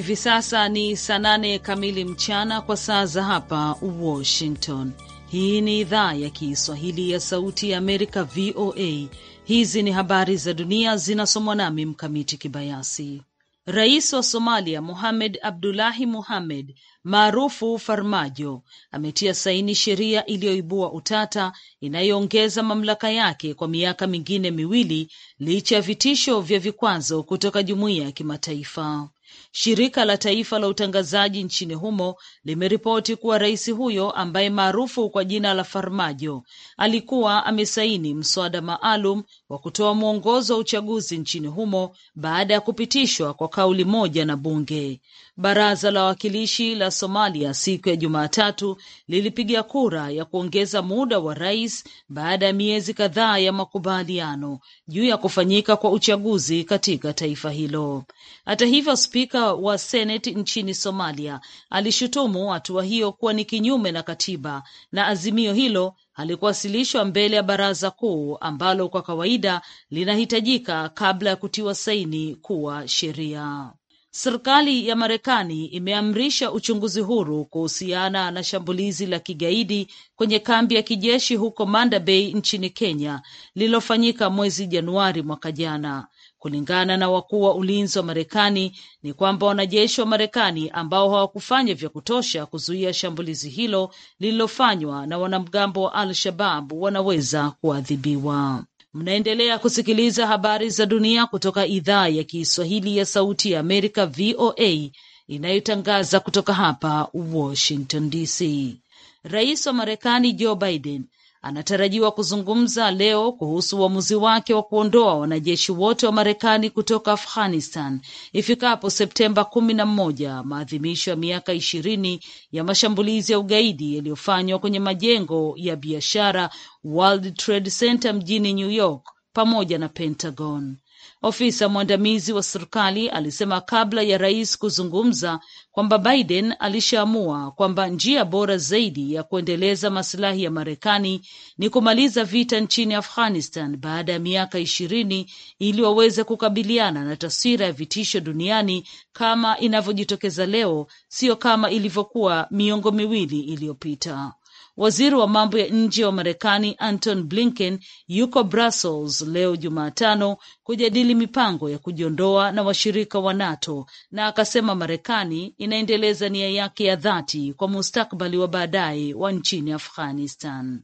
Hivi sasa ni saa nane kamili mchana kwa saa za hapa Washington. Hii ni idhaa ya Kiswahili ya Sauti ya Amerika, VOA. Hizi ni habari za dunia zinasomwa nami Mkamiti Kibayasi. Rais wa Somalia Mohamed Abdullahi Mohamed maarufu Farmajo ametia saini sheria iliyoibua utata inayoongeza mamlaka yake kwa miaka mingine miwili licha ya vitisho vya vikwazo kutoka jumuiya ya kimataifa. Shirika la Taifa la Utangazaji nchini humo limeripoti kuwa rais huyo ambaye maarufu kwa jina la Farmajo alikuwa amesaini mswada maalum wa kutoa mwongozo wa uchaguzi nchini humo baada ya kupitishwa kwa kauli moja na bunge. Baraza la Wawakilishi la Somalia siku ya Jumatatu lilipiga kura ya kuongeza muda wa rais baada ya miezi kadhaa ya makubaliano juu ya kufanyika kwa uchaguzi katika taifa hilo. Hata hivyo, spika spika wa Seneti nchini Somalia alishutumu hatua hiyo kuwa ni kinyume na katiba na azimio hilo halikuwasilishwa mbele ya baraza kuu ambalo kwa kawaida linahitajika kabla ya kutiwa saini kuwa sheria. Serikali ya Marekani imeamrisha uchunguzi huru kuhusiana na shambulizi la kigaidi kwenye kambi ya kijeshi huko Manda Bay nchini Kenya lililofanyika mwezi Januari mwaka jana. Kulingana na wakuu wa ulinzi wa Marekani ni kwamba wanajeshi wa Marekani ambao hawakufanya vya kutosha kuzuia shambulizi hilo lililofanywa na wanamgambo wa Al-Shabab wanaweza kuadhibiwa. Mnaendelea kusikiliza habari za dunia kutoka idhaa ya Kiswahili ya Sauti ya Amerika, VOA, inayotangaza kutoka hapa Washington DC. Rais wa Marekani Joe Biden anatarajiwa kuzungumza leo kuhusu uamuzi wake wa kuondoa wanajeshi wote wa Marekani kutoka Afghanistan ifikapo Septemba kumi na mmoja, maadhimisho ya miaka ishirini ya mashambulizi ya ugaidi yaliyofanywa kwenye majengo ya biashara World Trade Center mjini New York pamoja na Pentagon. Ofisa mwandamizi wa serikali alisema kabla ya rais kuzungumza kwamba Biden alishaamua kwamba njia bora zaidi ya kuendeleza masilahi ya Marekani ni kumaliza vita nchini Afghanistan baada ya miaka ishirini ili waweze kukabiliana na taswira ya vitisho duniani kama inavyojitokeza leo, sio kama ilivyokuwa miongo miwili iliyopita. Waziri wa mambo ya nje wa Marekani Anton Blinken yuko Brussels leo Jumatano kujadili mipango ya kujiondoa na washirika wa NATO na akasema Marekani inaendeleza nia yake ya dhati kwa mustakbali wa baadaye wa nchini Afghanistan.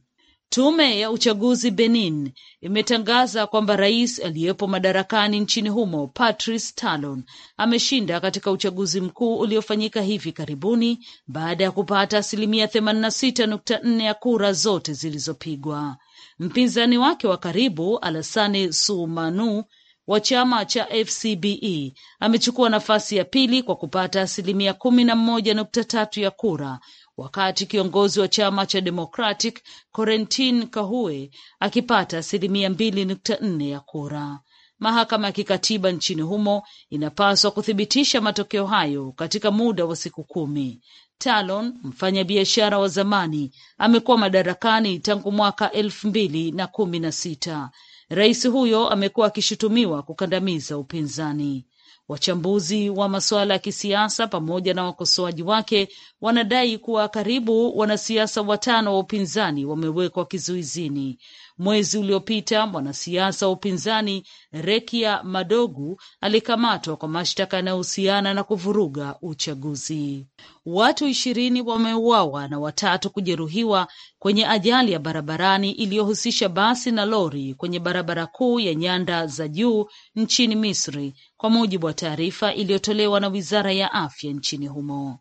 Tume ya uchaguzi Benin imetangaza kwamba rais aliyepo madarakani nchini humo Patrice Talon ameshinda katika uchaguzi mkuu uliofanyika hivi karibuni baada ya kupata asilimia 86.4 sita nukta nne ya kura zote zilizopigwa. Mpinzani wake wa karibu Alassane Sumanu wa chama cha FCBE amechukua nafasi ya pili kwa kupata asilimia kumi na moja nukta tatu ya kura wakati kiongozi wa chama cha Democratic Corentin Kahue akipata asilimia mbili nukta nne ya kura. Mahakama ya kikatiba nchini humo inapaswa kuthibitisha matokeo hayo katika muda wa siku kumi. Talon, mfanyabiashara wa zamani, amekuwa madarakani tangu mwaka elfu mbili na kumi na sita. Rais huyo amekuwa akishutumiwa kukandamiza upinzani. Wachambuzi wa masuala ya kisiasa pamoja na wakosoaji wake wanadai kuwa karibu wanasiasa watano wa upinzani wamewekwa kizuizini Mwezi uliopita mwanasiasa wa upinzani Rekia Madogu alikamatwa kwa mashtaka yanayohusiana na kuvuruga uchaguzi. Watu ishirini wameuawa na watatu kujeruhiwa kwenye ajali ya barabarani iliyohusisha basi na lori kwenye barabara kuu ya nyanda za juu nchini Misri, kwa mujibu wa taarifa iliyotolewa na wizara ya afya nchini humo.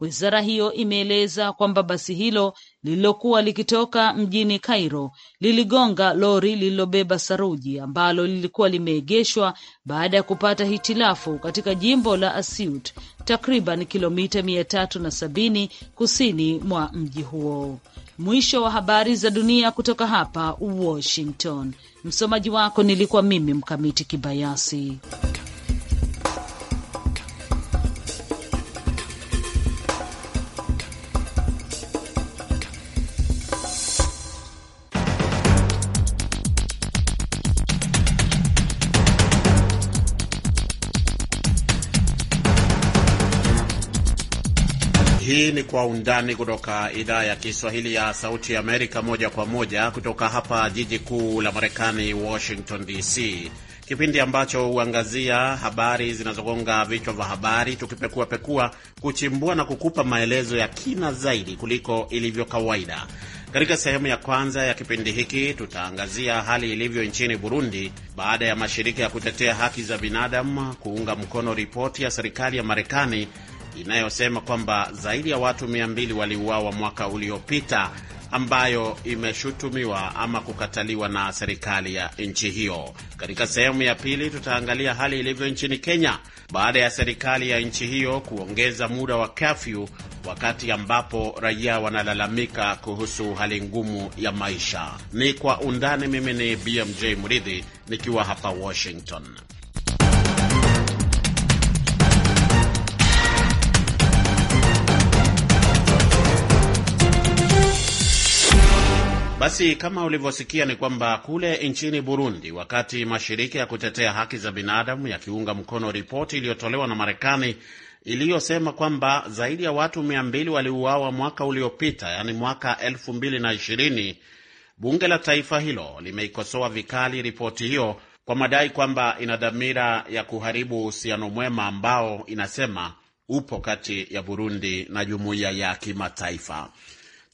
Wizara hiyo imeeleza kwamba basi hilo lililokuwa likitoka mjini Cairo liligonga lori lililobeba saruji ambalo lilikuwa limeegeshwa baada ya kupata hitilafu katika jimbo la Asiut, takriban kilomita 370 kusini mwa mji huo. Mwisho wa habari za dunia kutoka hapa Washington. Msomaji wako nilikuwa mimi Mkamiti Kibayasi. Hii ni Kwa Undani kutoka idhaa ya Kiswahili ya Sauti Amerika, moja kwa moja kutoka hapa jiji kuu la Marekani, Washington DC, kipindi ambacho huangazia habari zinazogonga vichwa vya habari, tukipekuapekua, kuchimbua na kukupa maelezo ya kina zaidi kuliko ilivyo kawaida. Katika sehemu ya kwanza ya kipindi hiki tutaangazia hali ilivyo nchini Burundi baada ya mashirika ya kutetea haki za binadamu kuunga mkono ripoti ya serikali ya Marekani inayosema kwamba zaidi ya watu 200 waliuawa mwaka uliopita, ambayo imeshutumiwa ama kukataliwa na serikali ya nchi hiyo. Katika sehemu ya pili, tutaangalia hali ilivyo nchini Kenya baada ya serikali ya nchi hiyo kuongeza muda wa kafyu, wakati ambapo raia wanalalamika kuhusu hali ngumu ya maisha. Ni kwa undani. Mimi ni BMJ Mridhi nikiwa hapa Washington. Basi kama ulivyosikia ni kwamba kule nchini Burundi, wakati mashirika ya kutetea haki za binadamu yakiunga mkono ripoti iliyotolewa na Marekani iliyosema kwamba zaidi ya watu 200 waliuawa mwaka uliopita, yaani mwaka 2020, bunge la taifa hilo limeikosoa vikali ripoti hiyo kwa madai kwamba ina dhamira ya kuharibu uhusiano mwema ambao inasema upo kati ya Burundi na jumuiya ya kimataifa.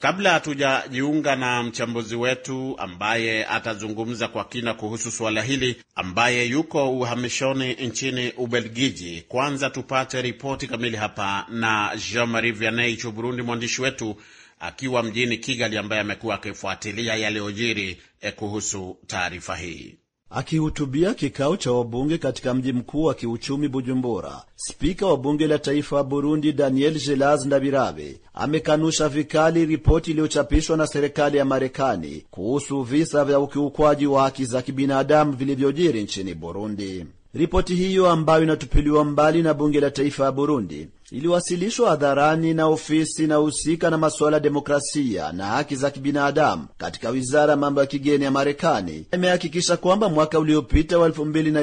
Kabla hatujajiunga na mchambuzi wetu ambaye atazungumza kwa kina kuhusu suala hili, ambaye yuko uhamishoni nchini Ubelgiji, kwanza tupate ripoti kamili hapa na Jean Marie Vianney chu Burundi, mwandishi wetu akiwa mjini Kigali, ambaye amekuwa akifuatilia yaliyojiri eh, kuhusu taarifa hii. Akihutubia kikao cha wabunge katika mji mkuu wa kiuchumi Bujumbura, spika wa bunge la taifa Burundi Daniel Gelaz Ndabirabe amekanusha vikali ripoti iliyochapishwa na serikali ya Marekani kuhusu visa vya ukiukwaji wa haki za kibinadamu vilivyojiri nchini Burundi. Ripoti hiyo ambayo inatupiliwa mbali na bunge la taifa ya Burundi iliwasilishwa hadharani na ofisi na husika na masuala ya demokrasia na haki za kibinadamu katika wizara ya mambo ya kigeni ya Marekani imehakikisha kwamba mwaka uliopita wa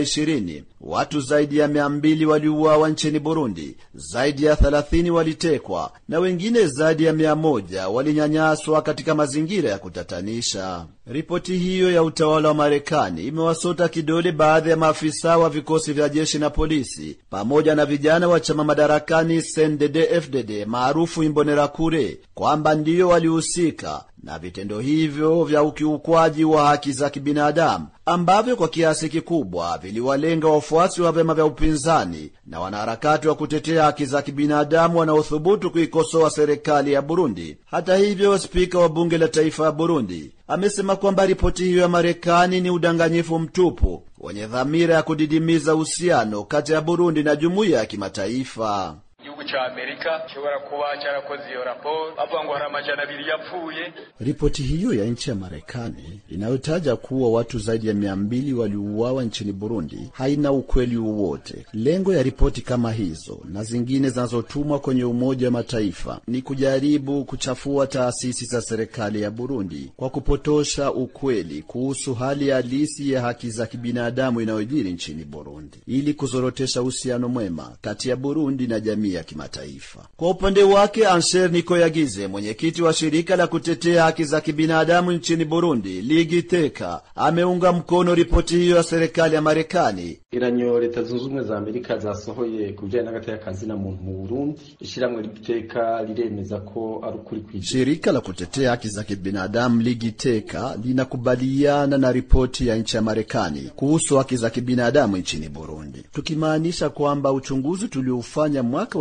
ishirini Watu zaidi ya mia mbili waliuawa nchini Burundi, zaidi ya 30 walitekwa na wengine zaidi ya mia moja walinyanyaswa katika mazingira ya kutatanisha. Ripoti hiyo ya utawala wa Marekani imewasota kidole baadhi ya maafisa wa vikosi vya jeshi na polisi pamoja na vijana wa chama madarakani CNDD-FDD maarufu Imbonerakure kwamba ndiyo walihusika na vitendo hivyo vya ukiukwaji wa haki za kibinadamu ambavyo kwa kiasi kikubwa viliwalenga wafuasi wa vyama vya upinzani na wanaharakati wa kutetea haki za kibinadamu wanaothubutu kuikosoa serikali ya Burundi. Hata hivyo, spika wa bunge la taifa ya Burundi amesema kwamba ripoti hiyo ya Marekani ni udanganyifu mtupu wenye dhamira ya kudidimiza uhusiano kati ya Burundi na jumuiya ya kimataifa igihugu cya Amerika kishobora kuba cyarakoze iyo raporo bavuga ngo hari amajana abiri yapfuye. Ripoti hiyo ya nchi ya Marekani inayotaja kuwa watu zaidi ya mia mbili waliuawa nchini Burundi haina ukweli wowote. Lengo ya ripoti kama hizo na zingine zinazotumwa kwenye Umoja wa Mataifa ni kujaribu kuchafua taasisi za serikali ya Burundi kwa kupotosha ukweli kuhusu hali halisi ya haki za kibinadamu inayojiri nchini Burundi ili kuzorotesha uhusiano mwema kati ya Burundi na jamii jamii ya kimataifa. Kwa upande wake, Anser Nikoyagize, mwenyekiti wa shirika la kutetea haki za kibinadamu nchini Burundi, Ligi Teka, ameunga mkono ripoti hiyo ya serikali ya Marekani iranyo leta zunze ubumwe za Amerika zasohoye ku bijanye kazi na muntu mu Burundi. Ishiramwe Ligiteka liremeza ko ari ukuri kw'ivyo. Shirika la kutetea haki za kibinadamu ligi teka linakubaliana na ripoti ya nchi ya Marekani kuhusu haki za kibinadamu nchini Burundi, tukimaanisha kwamba uchunguzi tulioufanya mwaka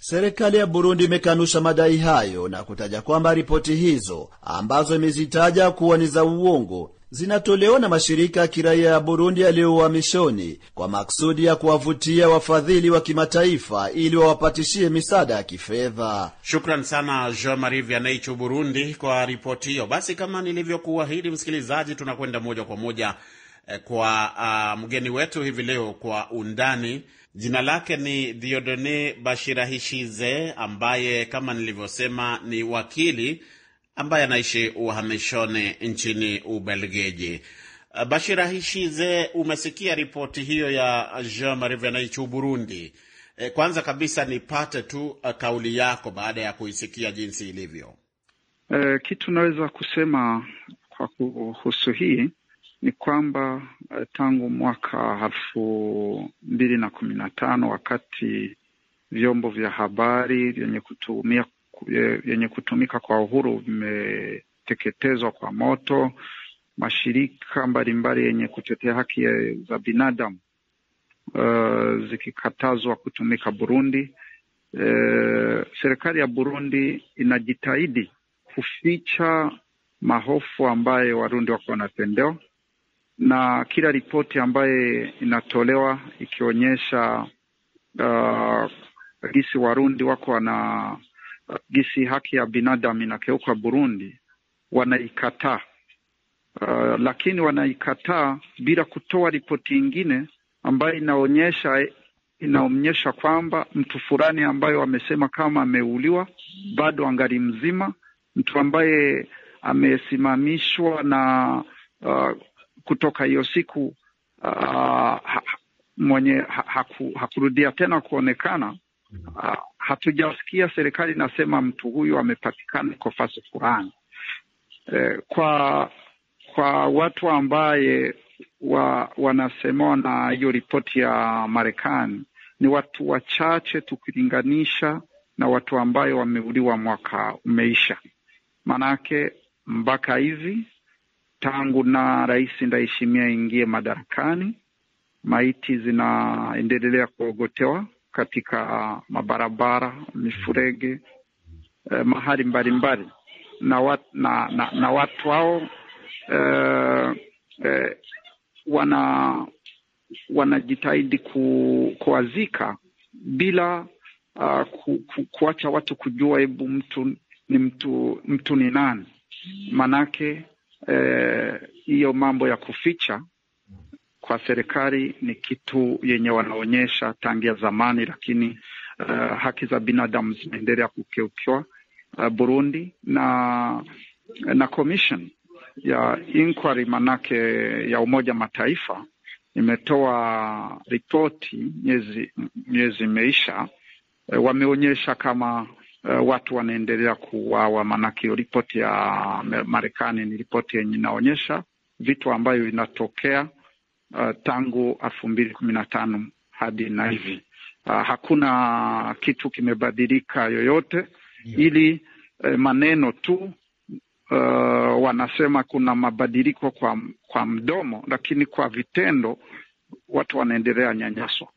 Serikali ya Burundi imekanusha madai hayo na kutaja kwamba ripoti hizo ambazo imezitaja kuwa ni za uongo zinatolewa na mashirika ya kiraia ya Burundi yaliyo uhamishoni kwa maksudi ya kuwavutia wafadhili wa kimataifa ili wawapatishie misaada ya kifedha. Shukran sana Jean Marie Vianeichu, Burundi kwa ripoti hiyo. Basi kama nilivyokuahidi, msikilizaji, tunakwenda moja kwa moja eh, kwa uh, mgeni wetu hivi leo kwa undani Jina lake ni Diodone Bashirahishize ambaye kama nilivyosema ni wakili ambaye anaishi uhamishoni nchini Ubelgiji. Bashirahishize, umesikia ripoti hiyo ya Jean Marie Venaichu Burundi. E, kwanza kabisa nipate tu e, kauli yako baada ya kuisikia jinsi ilivyo. E, kitu naweza kusema kwa kuhusu hii ni kwamba eh, tangu mwaka elfu mbili na kumi na tano wakati vyombo vya habari vyenye kutumia eh, vyenye kutumika kwa uhuru vimeteketezwa kwa moto, mashirika mbalimbali yenye kutetea haki za binadamu uh, zikikatazwa kutumika Burundi. Uh, serikali ya Burundi inajitahidi kuficha mahofu ambayo Warundi wako wanatendewa na kila ripoti ambaye inatolewa ikionyesha uh, gisi Warundi wako wana uh, gisi haki ya binadamu inakeuka Burundi, wanaikataa uh, lakini wanaikataa bila kutoa ripoti ingine ambayo inaonyesha inaonyesha kwamba mtu fulani ambaye wamesema kama ameuliwa bado angali mzima, mtu ambaye amesimamishwa na uh, kutoka hiyo siku uh, ha, mwenye ha, haku, hakurudia tena kuonekana. Uh, hatujasikia serikali inasema mtu huyu amepatikana kofasi fulani. Eh, kwa kwa watu ambaye wa, wanasemewa na hiyo ripoti ya Marekani ni watu wachache tukilinganisha na watu ambayo wameuliwa mwaka umeisha, maanake mpaka hivi tangu na Rais ndaheshimia ingie madarakani, maiti zinaendelea kuogotewa katika uh, mabarabara, mifurege eh, uh, mahali mbalimbali na, wat, na, na, na watu hao eh, eh, wana wanajitahidi ku, kuwazika bila uh, ku, ku, kuacha watu kujua hebu mtu ni mtu mtu ni nani, manake hiyo eh, e, mambo ya kuficha kwa serikali ni kitu yenye wanaonyesha tangia zamani, lakini uh, haki za binadamu zinaendelea kukiukiwa uh, Burundi na na commission ya inquiry manake ya Umoja Mataifa imetoa ripoti, miezi miezi imeisha, wameonyesha kama uh, watu wanaendelea kuuawa, maanake ripoti ya Marekani ni ripoti yenye inaonyesha vitu ambayo vinatokea uh, tangu elfu mbili kumi na tano hadi na hivi uh, hakuna kitu kimebadilika yoyote yeah. Ili uh, maneno tu uh, wanasema kuna mabadiliko kwa, kwa mdomo, lakini kwa vitendo watu wanaendelea nyanyaswa.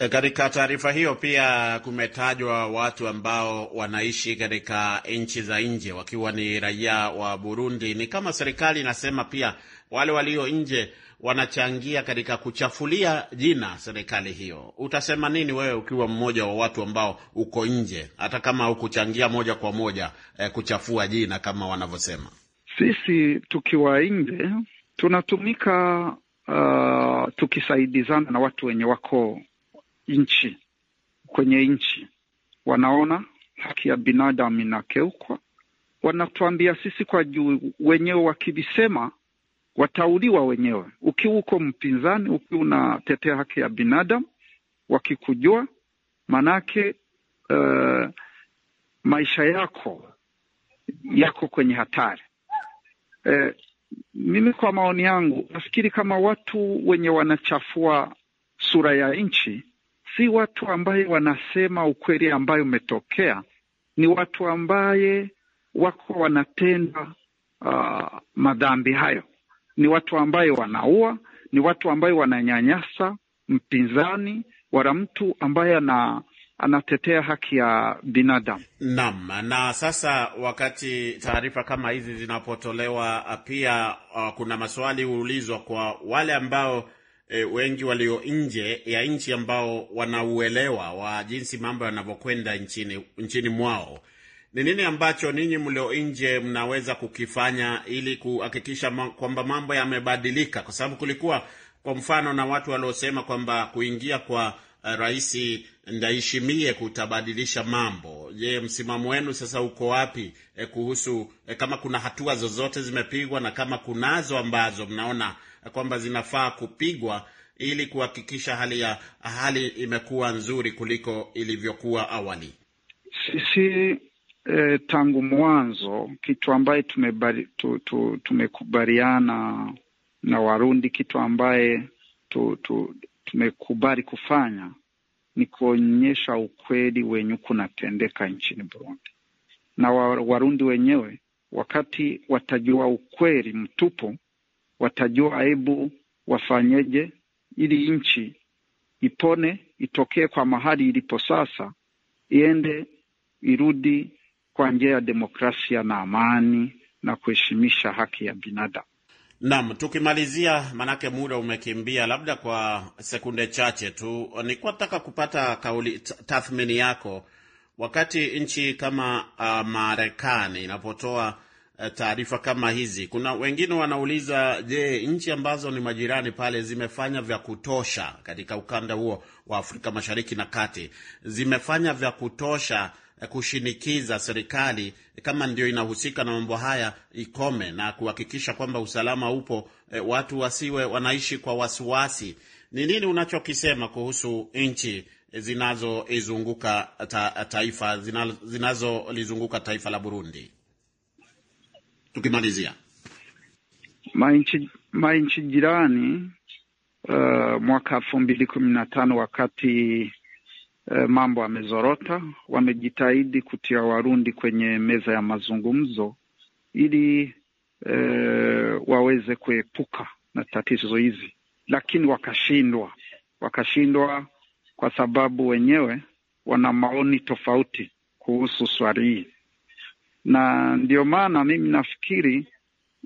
Eh, katika taarifa hiyo pia kumetajwa watu ambao wanaishi katika nchi za nje wakiwa ni raia wa Burundi. Ni kama serikali inasema pia wale walio nje wanachangia katika kuchafulia jina serikali hiyo. Utasema nini wewe ukiwa mmoja wa watu ambao uko nje, hata kama hukuchangia moja kwa moja eh, kuchafua jina kama wanavyosema? Sisi tukiwa nje tunatumika, uh, tukisaidizana na watu wenye wako nchi kwenye nchi, wanaona haki ya binadamu inakeukwa, wanatuambia sisi kwa juu wenyewe, wakivisema watauliwa wenyewe. Ukiwa uko mpinzani, ukiwa unatetea haki ya binadamu, wakikujua manake uh, maisha yako yako kwenye hatari. Eh, mimi kwa maoni yangu nafikiri kama watu wenye wanachafua sura ya nchi si watu ambaye wanasema ukweli ambayo umetokea, ni watu ambaye wako wanatenda uh, madhambi hayo, ni watu ambaye wanaua, ni watu ambaye wananyanyasa mpinzani wala mtu ambaye ana anatetea haki ya binadamu. Naam. Na sasa wakati taarifa kama hizi zinapotolewa, pia uh, kuna maswali huulizwa kwa wale ambao e, wengi walio nje ya nchi ambao wanauelewa wa jinsi mambo yanavyokwenda nchini, nchini mwao ni nini ambacho ninyi mlio nje mnaweza kukifanya ili kuhakikisha kwamba mambo yamebadilika? Kwa sababu kulikuwa kwa mfano na watu waliosema kwamba kuingia kwa eh, Rais Ndayishimiye kutabadilisha mambo. Je, msimamo wenu sasa uko wapi eh, kuhusu eh, kama kuna hatua zozote zimepigwa na kama kunazo ambazo mnaona kwamba zinafaa kupigwa ili kuhakikisha hali ya hali imekuwa nzuri kuliko ilivyokuwa awali? Sisi eh, tangu mwanzo kitu ambaye tumebari, tu, tu, tumekubaliana na Warundi, kitu ambaye tu, tu, tumekubali kufanya ni kuonyesha ukweli wenye kunatendeka nchini Burundi na Warundi wenyewe wakati watajua ukweli mtupu watajua aibu wafanyeje ili nchi ipone, itokee kwa mahali ilipo sasa, iende irudi kwa njia ya demokrasia na amani na kuheshimisha haki ya binadamu. Naam, tukimalizia, manake muda umekimbia, labda kwa sekunde chache tu, nilikuwa nataka kupata kauli tathmini yako wakati nchi kama uh, Marekani inapotoa Eh, taarifa kama hizi. Kuna wengine wanauliza, je, nchi ambazo ni majirani pale zimefanya vya kutosha katika ukanda huo wa Afrika Mashariki na Kati, zimefanya vya kutosha eh, kushinikiza serikali kama ndio inahusika na mambo haya ikome na kuhakikisha kwamba usalama upo, eh, watu wasiwe wanaishi kwa wasiwasi. Ni nini unachokisema kuhusu nchi zinazoizunguka ta, taifa zinazolizunguka taifa la Burundi? tukimalizia manchi jirani uh, mwaka elfu mbili kumi na tano wakati uh, mambo amezorota, wamejitahidi kutia Warundi kwenye meza ya mazungumzo ili uh, waweze kuepuka na tatizo hizi, lakini wakashindwa. Wakashindwa kwa sababu wenyewe wana maoni tofauti kuhusu swali hii na ndio maana mimi nafikiri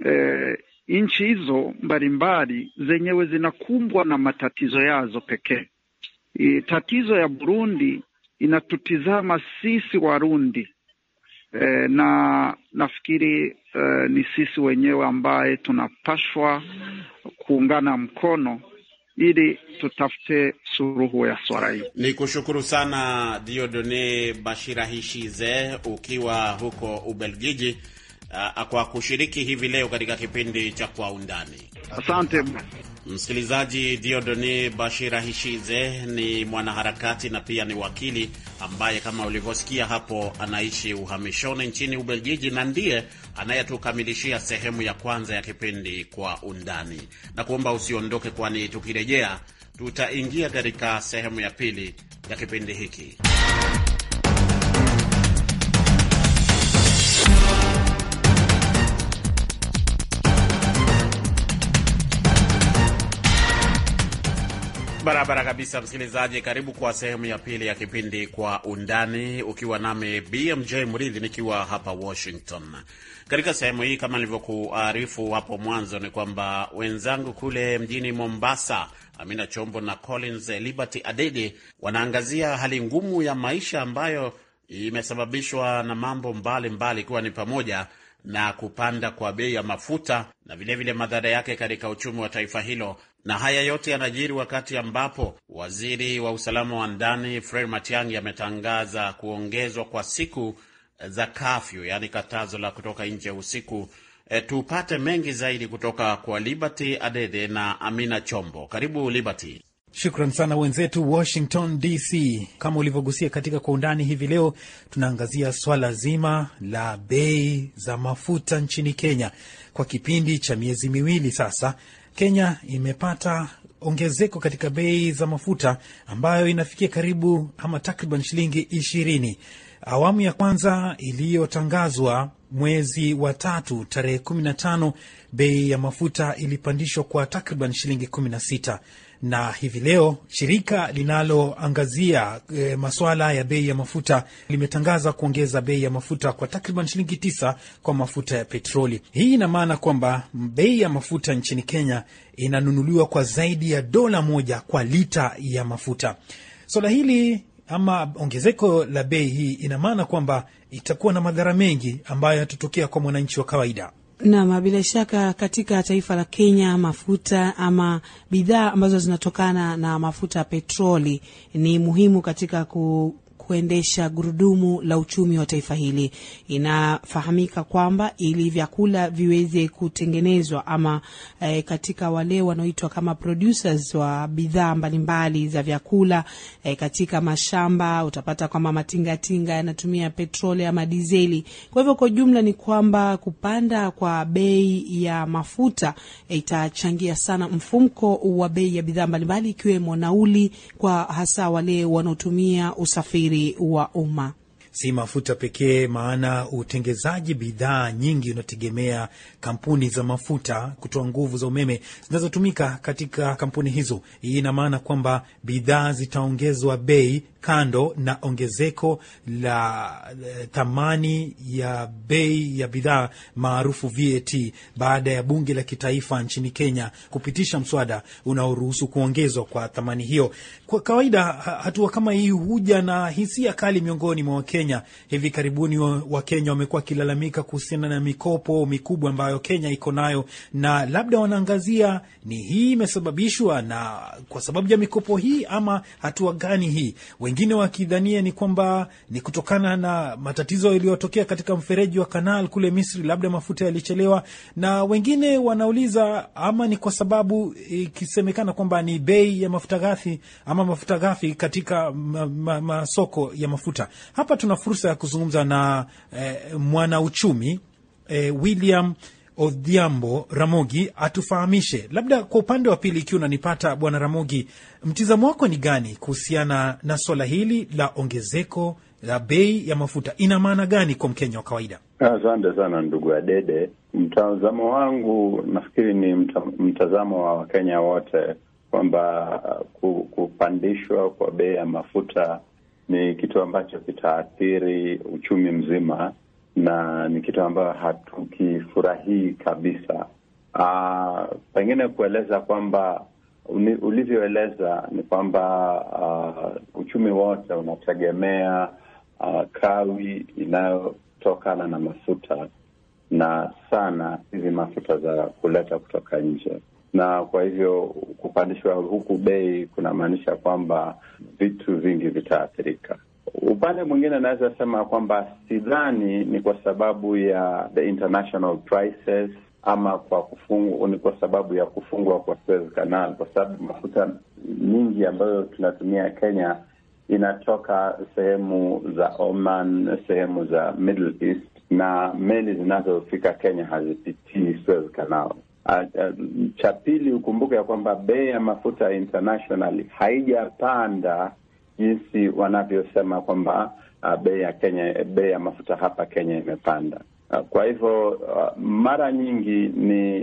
eh, nchi hizo mbalimbali zenyewe zinakumbwa na matatizo yazo pekee. Tatizo ya Burundi inatutizama sisi Warundi eh, na nafikiri eh, ni sisi wenyewe ambaye tunapashwa kuungana mkono ili tutafute suruhu ya swala hii. Ni kushukuru sana Diodone Bashirahishize ukiwa huko Ubelgiji uh, kwa kushiriki hivi leo katika kipindi cha Kwa Undani. Asante msikilizaji. Diodoni Bashira Hishize ni mwanaharakati na pia ni wakili ambaye kama ulivyosikia hapo anaishi uhamishoni nchini Ubelgiji na ndiye anayetukamilishia sehemu ya kwanza ya kipindi Kwa Undani, na kuomba usiondoke, kwani tukirejea tutaingia katika sehemu ya pili ya kipindi hiki. Barabara kabisa, msikilizaji. Karibu kwa sehemu ya pili ya kipindi Kwa Undani, ukiwa nami BMJ Mridhi nikiwa hapa Washington. Katika sehemu hii, kama nilivyokuarifu hapo mwanzo, ni kwamba wenzangu kule mjini Mombasa, Amina Chombo na Collins Liberty Adede wanaangazia hali ngumu ya maisha ambayo imesababishwa na mambo mbalimbali, ikiwa ni pamoja na kupanda kwa bei ya mafuta na vilevile madhara yake katika uchumi wa taifa hilo na haya yote yanajiri wakati ambapo waziri wa usalama wa ndani Fred Matiang'i ametangaza kuongezwa kwa siku eh, za kafyu, yaani katazo la kutoka nje usiku. E, tupate mengi zaidi kutoka kwa Liberty Adede na Amina Chombo. Karibu Liberty. Shukran sana wenzetu Washington DC. Kama ulivyogusia katika kwa undani hivi leo, tunaangazia swala zima la bei za mafuta nchini Kenya. Kwa kipindi cha miezi miwili sasa, Kenya imepata ongezeko katika bei za mafuta ambayo inafikia karibu ama takriban shilingi ishirini. Awamu ya kwanza iliyotangazwa mwezi wa tatu tarehe kumi na tano bei ya mafuta ilipandishwa kwa takriban shilingi kumi na sita na hivi leo shirika linaloangazia e, eh, masuala ya bei ya mafuta limetangaza kuongeza bei ya mafuta kwa takriban shilingi tisa kwa mafuta ya petroli. Hii ina maana kwamba bei ya mafuta nchini Kenya inanunuliwa kwa zaidi ya dola moja kwa lita ya mafuta. Swala hili ama ongezeko la bei hii ina maana kwamba itakuwa na madhara mengi ambayo yatatokea kwa mwananchi wa kawaida. Nam, bila shaka katika taifa la Kenya mafuta ama bidhaa ambazo zinatokana na mafuta ya petroli ni muhimu katika ku kuendesha gurudumu la uchumi wa taifa hili. Inafahamika kwamba ili vyakula viweze kutengenezwa ama e, katika wale wanaoitwa kama producers wa bidhaa mbalimbali za vyakula e, katika mashamba utapata kwamba matingatinga yanatumia petroli ama dizeli. Kwa hivyo kwa jumla ni kwamba kupanda kwa bei ya mafuta eh, itachangia sana mfumko wa bei ya bidhaa mbalimbali ikiwemo nauli kwa hasa wale wanaotumia usafiri ushauri wa umma si mafuta pekee, maana utengezaji bidhaa nyingi unategemea kampuni za mafuta kutoa nguvu za umeme zinazotumika katika kampuni hizo. Hii ina maana kwamba bidhaa zitaongezwa bei kando na ongezeko la eh, thamani ya bei ya bidhaa maarufu VAT, baada ya bunge la kitaifa nchini Kenya kupitisha mswada unaoruhusu kuongezwa kwa thamani hiyo. Kwa kawaida hatua kama hii huja na hisia kali miongoni mwa Wakenya Kenya. Hivi karibuni Wakenya wamekuwa wakilalamika kuhusiana na mikopo mikubwa ambayo Kenya iko nayo, na labda wanaangazia ni hii imesababishwa na kwa sababu ya mikopo hii ama hatua gani hii, wengine wakidhania ni kwamba ni kutokana na matatizo yaliyotokea katika mfereji wa Kanal kule Misri, labda mafuta yalichelewa, na wengine wanauliza ama ni kwa sababu ikisemekana kwamba ni bei ya mafuta ghafi ama mafuta ghafi katika masoko ma, ma, ya mafuta hapa tuna fursa ya kuzungumza na eh, mwanauchumi eh, William Odhiambo Ramogi atufahamishe, labda kwa upande wa pili, ikiwa unanipata Bwana Ramogi, mtizamo wako ni gani kuhusiana na swala hili la ongezeko la bei ya mafuta? Ina maana gani kwa Mkenya wa kawaida? Asante sana ndugu Adede. Mtazamo wangu nafikiri ni mta, mtazamo wa Wakenya wote kwamba kupandishwa kwa bei ya mafuta ni kitu ambacho kitaathiri uchumi mzima na ni kitu ambayo hatukifurahii kabisa. Aa, ah, pengine kueleza kwamba ulivyoeleza ni kwamba uh, uchumi wote unategemea uh, kawi inayotokana na mafuta na sana hizi mafuta za kuleta kutoka nje, na kwa hivyo kupandishwa huku bei kunamaanisha kwamba vitu vingi vitaathirika. Upande mwingine anaweza sema kwamba sidhani ni kwa sababu ya the international prices ama kwa kufungu, ni kwa sababu ya kufungwa kwa Suez Canal, kwa sababu mafuta mingi ambayo tunatumia Kenya inatoka sehemu za Oman, sehemu za Middle East, na meli zinazofika Kenya hazipitii Suez Canal. Ah, ah, cha pili, ukumbuke ya kwamba bei ya mafuta internationally haijapanda jinsi wanavyosema kwamba ah, bei ya Kenya, bei ya mafuta hapa Kenya imepanda. Kwa hivyo mara nyingi ni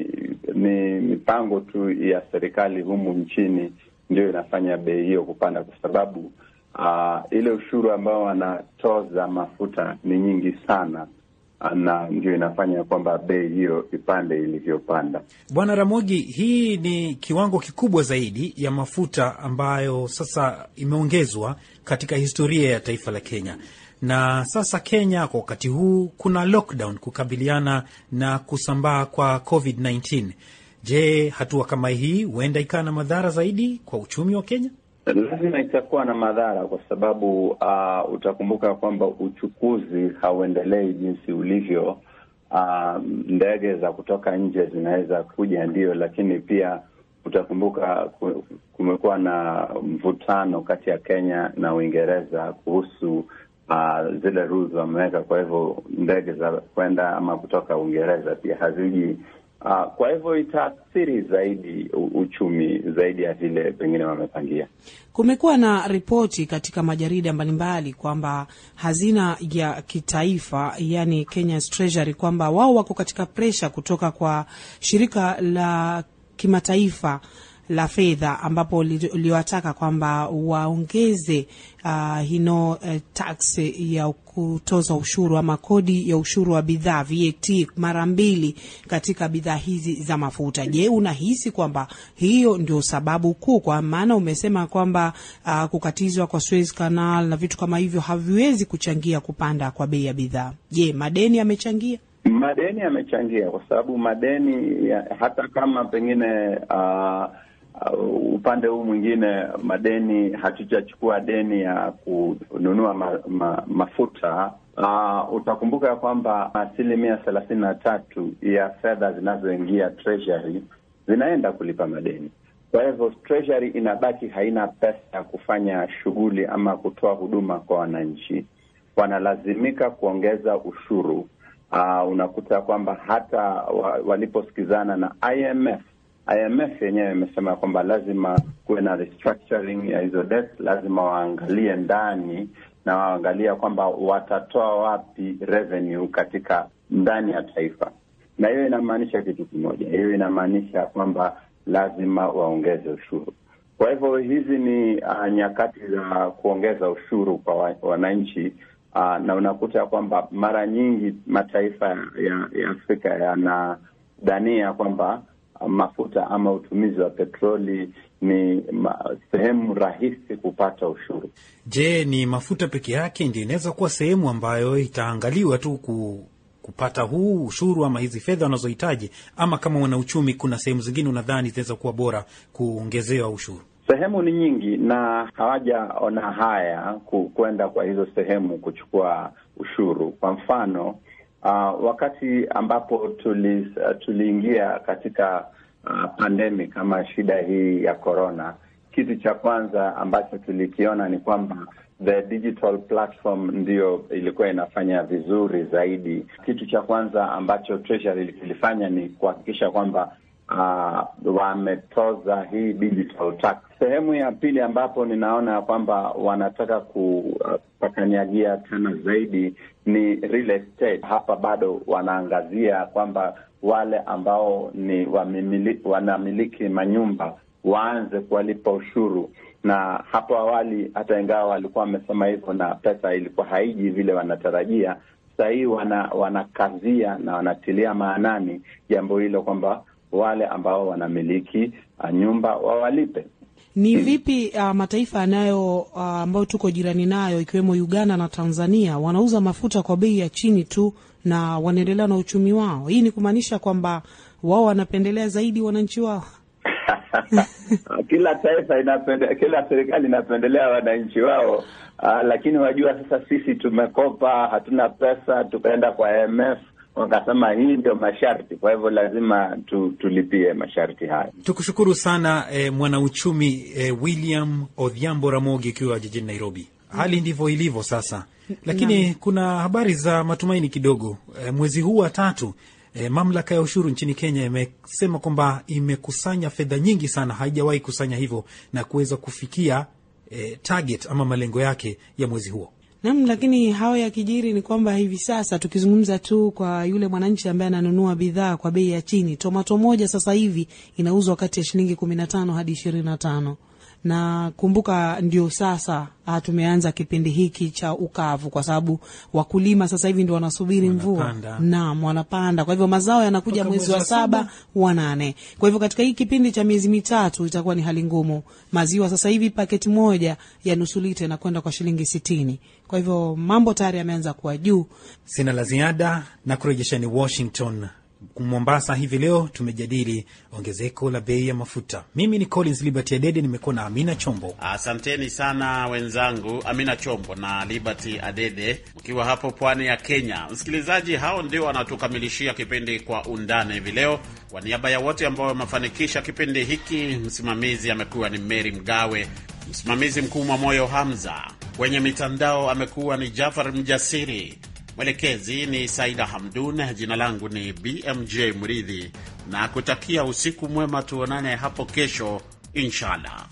ni mipango tu ya serikali humu nchini ndio inafanya bei hiyo kupanda, kwa sababu uh, ile ushuru ambao wanatoza mafuta ni nyingi sana Ah, na ndio inafanya kwamba bei hiyo ipande ilivyopanda. Bwana Ramogi, hii ni kiwango kikubwa zaidi ya mafuta ambayo sasa imeongezwa katika historia ya taifa la Kenya. Na sasa Kenya kwa wakati huu kuna lockdown kukabiliana na kusambaa kwa COVID-19. Je, hatua kama hii huenda ikawa na madhara zaidi kwa uchumi wa Kenya? Lazima itakuwa na madhara kwa sababu uh, utakumbuka kwamba uchukuzi hauendelei jinsi ulivyo. Uh, ndege za kutoka nje zinaweza kuja, ndio, lakini pia utakumbuka kumekuwa na mvutano kati ya Kenya na Uingereza kuhusu uh, zile rules wameweka. Kwa hivyo ndege za kwenda ama kutoka Uingereza pia haziji Uh, kwa hivyo itaathiri zaidi uchumi zaidi ya vile pengine wamepangia. Kumekuwa na ripoti katika majarida mbalimbali kwamba hazina ya kitaifa, yani Kenya's Treasury, kwamba wao wako katika presha kutoka kwa shirika la kimataifa la fedha ambapo uliwataka kwamba waongeze uh, hino uh, tax ya kutoza ushuru ama kodi ya ushuru wa bidhaa VAT mara mbili katika bidhaa hizi za mafuta. Je, unahisi kwamba hiyo ndio sababu kuu? Kwa maana umesema kwamba uh, kukatizwa kwa Suez Canal na vitu kama hivyo haviwezi kuchangia kupanda kwa bei ya bidhaa. Je, madeni yamechangia? Madeni yamechangia kwa sababu madeni ya, hata kama pengine uh, Uh, upande huu mwingine madeni, hatujachukua deni ya kununua ma, ma, mafuta. Uh, utakumbuka ya kwamba asilimia thelathini na tatu ya fedha zinazoingia treasury zinaenda kulipa madeni. Kwa hivyo treasury inabaki haina pesa ya kufanya shughuli ama kutoa huduma kwa wananchi, wanalazimika kuongeza ushuru. Uh, unakuta kwamba hata waliposikizana na IMF IMF yenyewe imesema kwamba lazima kuwe na restructuring ya hizo debt, lazima waangalie ndani na waangalia kwamba watatoa wapi revenue katika ndani ya taifa, na hiyo inamaanisha kitu kimoja. Hiyo inamaanisha kwamba lazima waongeze ushuru. Kwa hivyo hizi ni uh, nyakati za kuongeza ushuru kwa wananchi uh, na unakuta kwamba mara nyingi mataifa ya, ya Afrika yanadhania kwamba mafuta ama utumizi wa petroli ni sehemu rahisi kupata ushuru. Je, ni mafuta peke yake ndio inaweza kuwa sehemu ambayo itaangaliwa tu ku kupata huu ushuru ama hizi fedha wanazohitaji, ama kama wanauchumi, kuna sehemu zingine unadhani zinaweza kuwa bora kuongezewa ushuru? Sehemu ni nyingi na hawajaona haya kwenda kwa hizo sehemu kuchukua ushuru. Kwa mfano, uh, wakati ambapo tuliingia uh, tuli katika uh, pandemic ama shida hii ya corona, kitu cha kwanza ambacho tulikiona ni kwamba the digital platform ndiyo ilikuwa inafanya vizuri zaidi. Kitu cha kwanza ambacho Treasury kilifanya ni kuhakikisha kwamba uh, wametoza hii digital tax. Sehemu ya pili ambapo ninaona ya kwamba wanataka kupakanyagia tena zaidi ni real estate. Hapa bado wanaangazia kwamba wale ambao ni wamimili, wanamiliki manyumba waanze kuwalipa ushuru, na hapo awali hata ingawa walikuwa wamesema hivyo na pesa ilikuwa haiji vile wanatarajia, sasa hii wana, wanakazia na wanatilia maanani jambo hilo kwamba wale ambao wanamiliki ah, nyumba wawalipe. Ni vipi uh, mataifa yanayo uh, ambayo tuko jirani nayo ikiwemo Uganda na Tanzania wanauza mafuta kwa bei ya chini tu na wanaendelea na uchumi wao. Hii ni kumaanisha kwamba wao wanapendelea zaidi wananchi wao. Kila taifa inapende, kila serikali inapendelea wananchi wao. Uh, lakini wajua sasa sisi tumekopa, hatuna pesa, tukaenda kwa IMF wakasema hii ndio masharti, kwa hivyo lazima tu, tulipie masharti hayo. Tukushukuru sana eh, mwanauchumi eh, William Odhiambo Ramogi ukiwa jijini Nairobi hali ndivyo ilivyo sasa, lakini Nami. kuna habari za matumaini kidogo. E, mwezi huu wa tatu e, mamlaka ya ushuru nchini Kenya imesema kwamba imekusanya fedha nyingi sana, haijawahi kusanya hivyo na kuweza kufikia e, target ama malengo yake ya mwezi huo. nam lakini hayo ya kijiri ni kwamba hivi sasa tukizungumza tu kwa yule mwananchi ambaye ananunua bidhaa kwa bei ya chini, tomato moja sasa hivi inauzwa kati ya shilingi kumi na tano hadi ishirini na tano na kumbuka, ndio sasa ah, tumeanza kipindi hiki cha ukavu, kwa sababu wakulima sasa hivi ndio wanasubiri mvua, naam, wanapanda. Kwa hivyo mazao yanakuja mwezi wa saba wa nane. Kwa hivyo katika hii kipindi cha miezi mitatu itakuwa ni hali ngumu. Maziwa sasa hivi paketi moja ya nusu lita inakwenda kwa shilingi sitini. Kwa hivyo mambo tayari yameanza kuwa juu. Sina la ziada na kurejeshani Washington. Mombasa hivi leo tumejadili ongezeko la bei ya mafuta. Mimi ni Collins Liberty Adede, nimekuwa na Amina Chombo. Asanteni sana wenzangu, Amina Chombo na Liberty Adede, mkiwa hapo pwani ya Kenya. Msikilizaji, hao ndio wanatukamilishia kipindi kwa undani hivi leo. Kwa niaba ya wote ambao wamefanikisha kipindi hiki, msimamizi amekuwa ni Mary Mgawe, msimamizi mkuu Mwamoyo Hamza, kwenye mitandao amekuwa ni Jafar Mjasiri. Mwelekezi ni Saida Hamdun, jina langu ni BMJ Mridhi, na kutakia usiku mwema, tuonane hapo kesho inshallah.